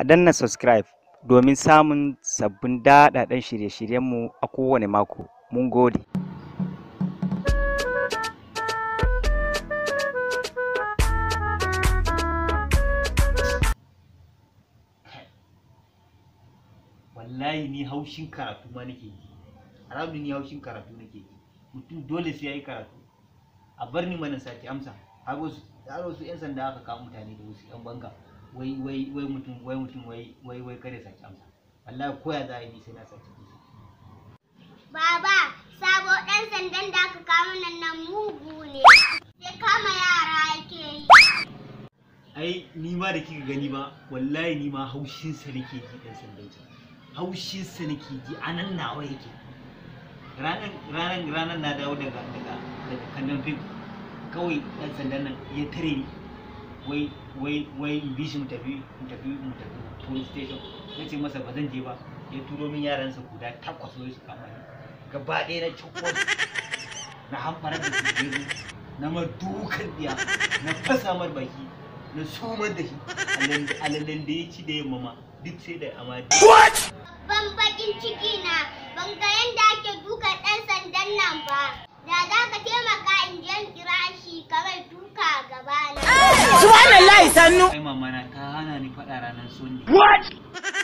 a danna subscribe domin samun sabbin daɗaɗɗen shirye-shiryenmu a kowane mako. Mun gode. Wallahi ni haushin karatu ma nake yi, haramu ni haushin karatu nake yi, mutum dole sai ya yi karatu. A bar ni mana sake amsa, har wasu 'yan sanda aka kawo mutane da wasu 'yan banga. wai wai wai mutum wai mutum wai wai wai kada saki amsa wallahi koya za a yi sai na saki amsa baba sabo dan sandan da aka kawo nan nan mugu ne sai kama yara yake yi ai ni ma da kika gani ba wallahi ni ma haushin sa nake ji dan sandan can haushin sa nake ji anan nawa yake ranan ranan ranan na dawo daga daga daga kannan fim kawai dan sandan nan ya tare ni wai wai wai in bi shi mu tafi mu tafi mu tafi police station na ce masa ba zan je ba ya turo min yaran sa guda takwas wai su kama ni gaba ɗaya na cikko na hamfara da su na ma dukan biya na fasa mar baki na sumar da shi alalen da ya ci da yamma ma duk sai da amadi. What? Ban bakin ciki sannu ai mama na ta hana ni faɗa ranar sunni what